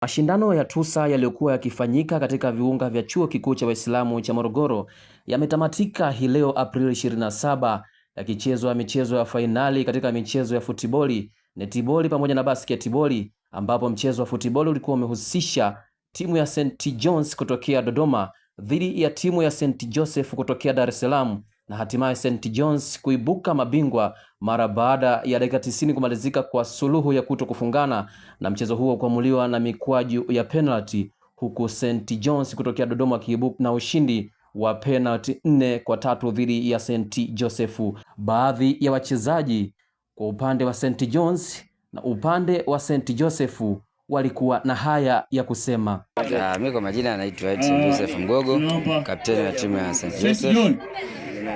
Mashindano ya TUSA yaliyokuwa yakifanyika katika viunga vya Chuo Kikuu cha Waislamu cha Morogoro yametamatika hii leo Aprili 27 yakichezwa michezo ya fainali katika michezo ya futiboli, netiboli pamoja na basketiboli ambapo mchezo wa futiboli ulikuwa umehusisha timu ya St. John's kutokea Dodoma dhidi ya timu ya St. Joseph kutokea Dar es Salaam na hatimaye St John's kuibuka mabingwa mara baada ya dakika tisini kumalizika kwa suluhu ya kuto kufungana na mchezo huo kuamuliwa na mikwaju ya penalty, huku St John's kutokea Dodoma akiibuka na ushindi wa penalty nne kwa tatu dhidi ya St Joseph. Baadhi ya wachezaji kwa upande wa St John's na upande wa St Joseph walikuwa na haya ya kusema. Ah, mimi kwa majina anaitwa Joseph Mgogo, mm. kapteni wa timu ya St Joseph.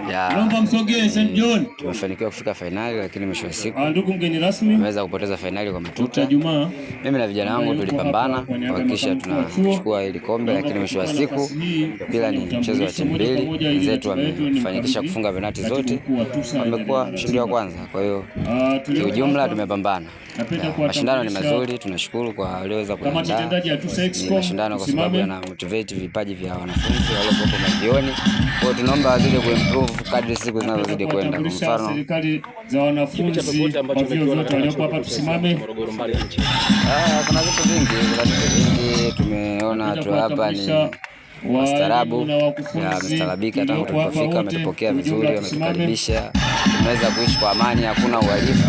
Naomba msogee St mm. John. Tumefanikiwa kufika fainali, lakini mwisho wa siku ah, ndugu mgeni rasmi kupoteza fainali kwa matuta. Mimi na vijana wangu tulipambana kuhakikisha tunachukua hili kombe, lakini mwisho wa siku pila ni mchezo wa timu mbili. Wenzetu wamefanikisha kufunga penati zote, wamekuwa mshindi wa kwanza. Kwa hiyo ah, kiujumla tumepambana. Mashindano ni mazuri, tunashukuru kwa walioweza kuandaa mashindano kwa sababu yana motivate vipaji vya wanafunzi waliokuwa majioni. Kwa hiyo tunaomba wazidi kuimprove kadri siku zinazozidi kwenda. Kwa mfano, serikali za wanafunzi wa vyuo vyote walioko hapa tusimame. Ah, kuna vitu vingi, kuna vitu vingi tumeona tu hapa ni wastarabu na mstarabika. Tangu tulipofika wametupokea vizuri, wametukaribisha, tumeweza kuishi kwa amani, hakuna uhalifu.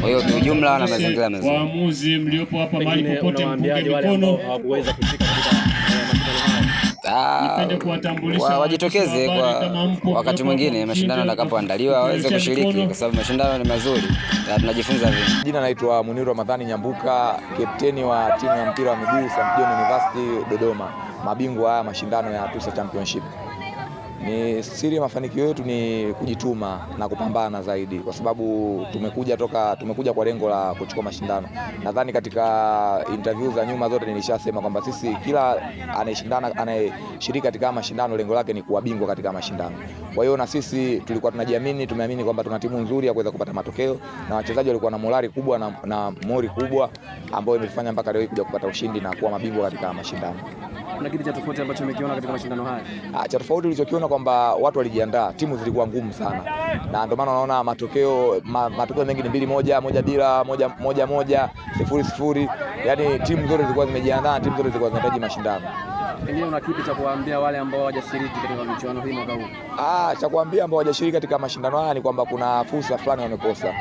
Kwa hiyo kiujumla na mazingira mazuri. Waamuzi mliopo hapa mahali popote, mpunge mikono wa, wajitokeze kwa wakati mwingine mashindano atakapoandaliwa waweze kushiriki, kwa sababu mashindano ni mazuri na tunajifunza vingi. Jina naitwa Muniru Ramadhani Nyambuka, kapteni wa timu ya mpira wa miguu St. John University Dodoma, mabingwa haya mashindano ya TUSA Championship. Ni siri ya mafanikio yetu ni kujituma na kupambana zaidi, kwa sababu tumekuja toka tumekuja kwa lengo la kuchukua mashindano. Nadhani katika interview za nyuma zote nilishasema kwamba sisi kila anayeshindana anayeshiriki katika mashindano lengo lake ni kuwa bingwa katika mashindano. Kwa hiyo na sisi tulikuwa tunajiamini, tumeamini kwamba tuna timu nzuri ya kuweza kupata matokeo, na wachezaji walikuwa na morali kubwa na, na mori kubwa ambayo imefanya mpaka leo kuja kupata ushindi na kuwa mabingwa katika mashindano kuna kitu cha tofauti ambacho umekiona katika mashindano haya? Ah, cha tofauti ulichokiona kwamba watu walijiandaa, timu zilikuwa ngumu sana, na ndio maana unaona matokeo ma, matokeo mengi ni mbili moja moja bila moja moja moja sifuri sifuri, yani timu zote zilikuwa zimejiandaa, timu zote zilikuwa zinahitaji mashindano. Pengine una kipi cha kuambia wale ambao hawajashiriki katika michuano hii mwaka huu? Ah, cha kuambia ambao hawajashiriki katika mashindano haya ni kwamba kuna fursa fulani wamekosa,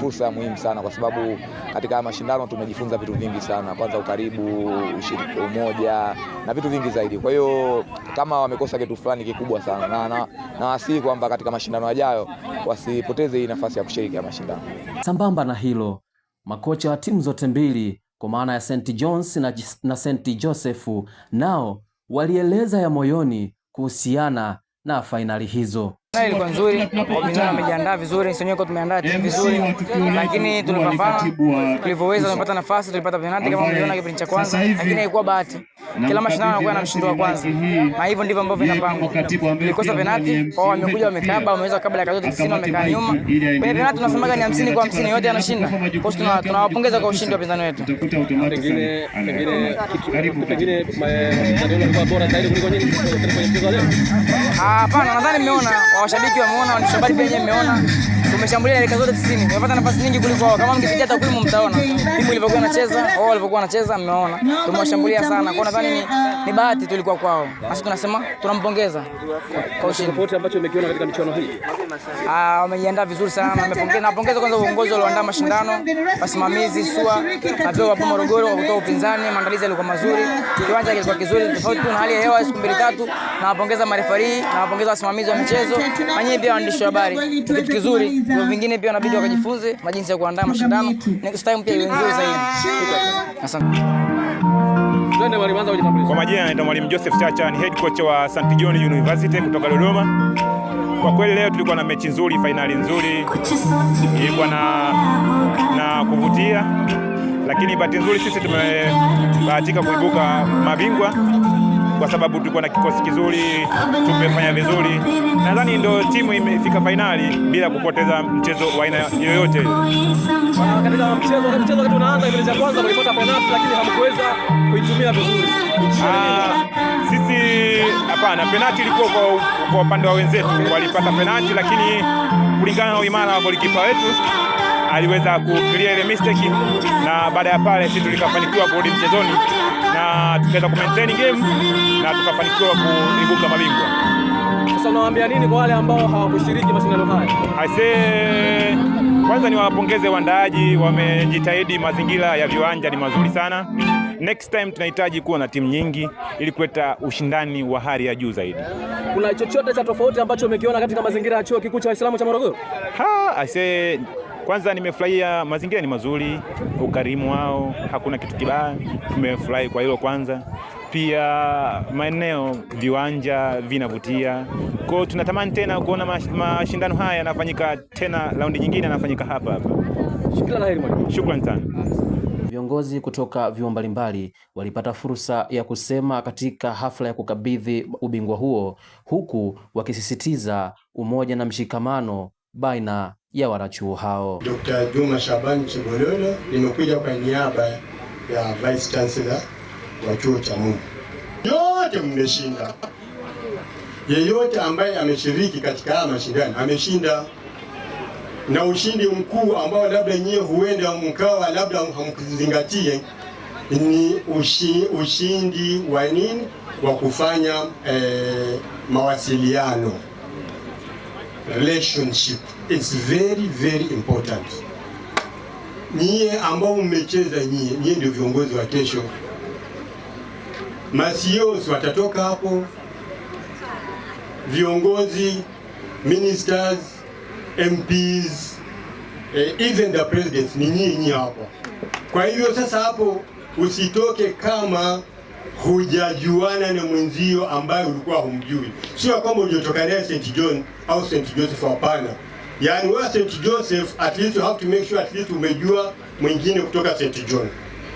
fursa muhimu sana, kwa sababu katika mashindano tumejifunza vitu vingi sana, kwanza ukaribu, ushiriki, umoja na vitu vingi zaidi. Kwa hiyo kama wamekosa kitu fulani kikubwa sana, na, na, na kwamba katika mashindano yajayo wasipoteze hii nafasi ya kushiriki ya mashindano. Sambamba na hilo, makocha wa timu zote mbili kwa maana ya St. John's na, na St. Joseph nao walieleza ya moyoni kuhusiana na fainali hizo. Ilikuwa nzuri, wapinzani wamejiandaa vizuri, sisi kwa tumeandaa timu vizuri, lakini tulipambana tulivyoweza, tumepata nafasi, tulipata penalti kama mliona kipindi cha kwanza, lakini haikuwa bahati. Kila mashindano yanakuwa na mshindi wa kwanza, na hivyo ndivyo ambavyo vinapangwa. Ilikosa penalti, wao wamekuja wamekaba, wameweza kabla ya dakika tisini wamekaa nyuma. Penye penalti tunasemaga ni hamsini kwa hamsini, yote yanashinda. Kwa hiyo tunawapongeza kwa ushindi wa wapinzani wetu. Pengine pengine pengine eh, bora ah, Hapana, nadhani mmeona Washabiki wameona, walishabiki wenyewe mmeona tumeshambulia dakika zote 90. Tumepata nafasi nyingi kuliko wao. Kama mkifikia takwimu mtaona timu ilivyokuwa inacheza, wao walivyokuwa wanacheza, mmeona tumewashambulia sana. Kwa nadhani ni, ni bahati tulikuwa kwao. Basi tunasema tunampongeza kwa ushindi. Tofauti ambacho umekiona katika michuano hii? Ah, wamejiandaa vizuri sana. Nimepongeza napongeza kwanza uongozi walioandaa mashindano, wasimamizi SUA wapewa pia Morogoro kwa kutoa upinzani. Maandalizi yalikuwa mazuri, kiwanja kilikuwa kizuri, tofauti tu na hali ya hewa siku mbili tatu. Nawapongeza marefari, nawapongeza wasimamizi wa michezo na nyinyi pia waandishi wa habari, kitu kizuri na vingine pia wanabidi ah, wakajifunze majinsi ya kuandaa mashindano next time pia iwe nzuri zaidi. Asante. Kwa majina naitwa Mwalimu Joseph Chacha, ni head coach wa St. John University kutoka Dodoma. Kwa kweli leo tulikuwa na mechi nzuri, fainali nzuri, ilikuwa na, na kuvutia, lakini bahati nzuri sisi tumebahatika kuibuka mabingwa kwa sababu tulikuwa na kikosi kizuri, tumefanya vizuri. Nadhani ndio timu imefika fainali bila kupoteza mchezo wa aina yoyote. Katika mchezo mchezo wakati unaanza cha kwanza mlipata penalti, lakini hamkuweza kuitumia vizuri. Ah, sisi hapana, penalti ilikuwa kwa upande wa wenzetu, walipata penalti, lakini kulingana na uimara wa golikipa wetu aliweza kuclear ile mistake, na baada ya pale sisi tulikafanikiwa kurudi mchezoni na tukaweza maintain game na tukafanikiwa kuibuka mabingwa. Sasa unawaambia nini kwa wale ambao hawakushiriki mashindano haya? say kwanza niwapongeze waandaaji, wamejitahidi. Mazingira ya viwanja ni mazuri sana. Next time tunahitaji kuwa na timu nyingi ili kuleta ushindani wa hali ya juu zaidi. Kuna chochote cha tofauti ambacho umekiona katika mazingira ya chuo kikuu cha Waislamu cha Morogoro? Ha, say kwanza nimefurahia, mazingira ni mazuri, ukarimu wao, hakuna kitu kibaya, nimefurahi kwa hilo kwanza. Pia maeneo, viwanja vinavutia, kwa hiyo tunatamani tena kuona mashindano haya yanafanyika tena, raundi nyingine yanafanyika hapa hapa. Shukrani sana. Viongozi kutoka vyuo mbalimbali walipata fursa ya kusema katika hafla ya kukabidhi ubingwa huo, huku wakisisitiza umoja na mshikamano baina ya wanachuo hao. Dr. Juma Shabani chibolole limekuja kwa niaba ya Vice Chancellor wa chuo cha Mungu. Yote mmeshinda, yeyote ambaye ameshiriki katika haya mashindano ameshinda, na ushindi mkuu ambao labda nyewe huenda mkawa labda hamkuzingatie ni ushi, ushindi wa nini wa kufanya eh, mawasiliano relationship it's very very important. Nyie ambao mmecheza nyie, nyie ndio viongozi wa kesho. Masios watatoka hapo, viongozi ministers, MPs, eh, even the president ni nyinyi hapo. Kwa hivyo sasa hapo usitoke kama hujajuana na mwenzio ambaye ulikuwa humjui. Sio kwamba uliotoka naye St John au St Joseph, hapana. Yaani wewe St Joseph, at least you have to make sure at least umejua mwingine kutoka St John,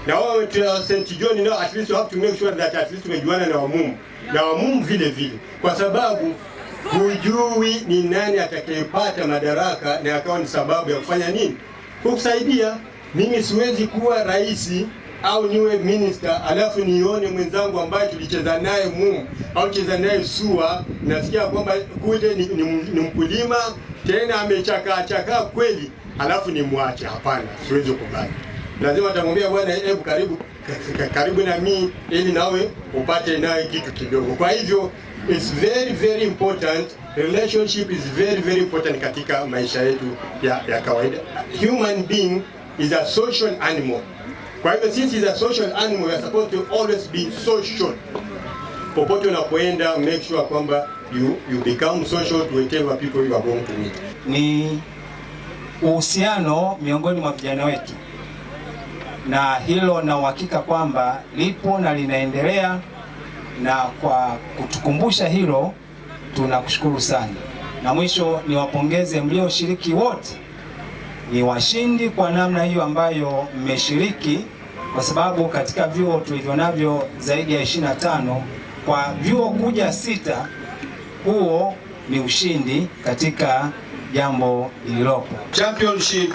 na wewe St John nao at least you have to make sure that at least umejuana na wamumu na wamumu vile vile, kwa sababu hujui ni nani atakayepata madaraka na akawa ni sababu ya kufanya nini, kukusaidia. Mimi siwezi kuwa rais au niwe minister alafu nione mwenzangu ambaye tulicheza naye mu au cheza naye SUA, nasikia kwamba kuje ni, ni, ni mkulima tena amechakaa chakaa kweli, alafu ni nimwache? Hapana, siwezi kubali. Lazima atamwambia bwana, hebu karibu karibu na mimi, ili nawe upate naye kitu kidogo. Kwa hivyo it's very very important relationship is very very important katika maisha yetu ya, ya kawaida. Human being is a social animal. Kwa hivyo sisi za social animal we are supposed to always be social. Popote unapoenda make sure kwamba you, you become social to whatever people you are going to meet. Ni uhusiano miongoni mwa vijana wetu, na hilo na uhakika kwamba lipo na linaendelea, na kwa kutukumbusha hilo tunakushukuru sana. Na mwisho niwapongeze mlioshiriki wote, ni washindi kwa namna hiyo ambayo mmeshiriki kwa sababu katika vyuo tulivyo navyo zaidi ya 25 kwa vyuo kuja sita, huo ni ushindi katika jambo lililopo. Championship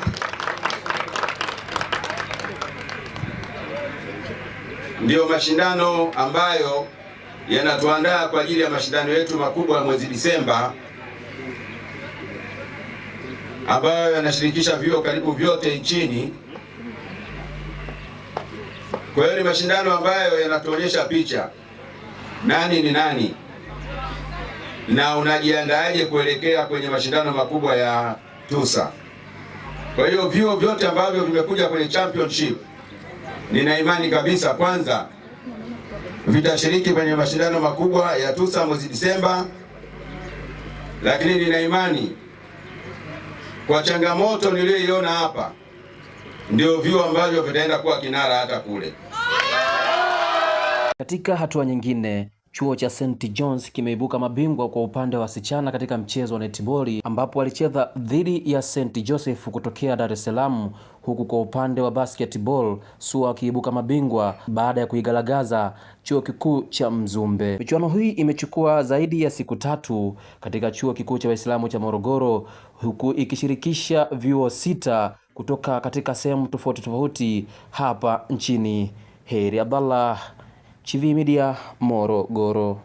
ndiyo mashindano ambayo yanatuandaa kwa ajili ya mashindano yetu makubwa ya mwezi Disemba ambayo yanashirikisha vyuo karibu vyote nchini. Kwa hiyo ni mashindano ambayo yanatuonyesha picha nani ni nani na unajiandaaje kuelekea kwenye mashindano makubwa ya TUSA. Kwa hiyo vyuo vyote ambavyo vimekuja kwenye championship, nina imani kabisa kwanza vitashiriki kwenye mashindano makubwa ya TUSA mwezi Disemba, lakini nina imani kwa changamoto niliyoiona hapa ndio vyuo ambavyo vitaenda kuwa kinara hata kule. Katika hatua nyingine, chuo cha St John's kimeibuka mabingwa kwa upande wa wasichana katika mchezo wa netiboli ambapo walicheza dhidi ya St Joseph kutokea Dar es Salaam, huku kwa upande wa basketball SUA wakiibuka mabingwa baada ya kuigaragaza chuo kikuu cha Mzumbe. Michuano hii imechukua zaidi ya siku tatu katika chuo kikuu cha Waislamu cha Morogoro, huku ikishirikisha vyuo sita kutoka katika sehemu tofauti tofauti hapa nchini. Heri Abdallah, Chivihi Media, Morogoro.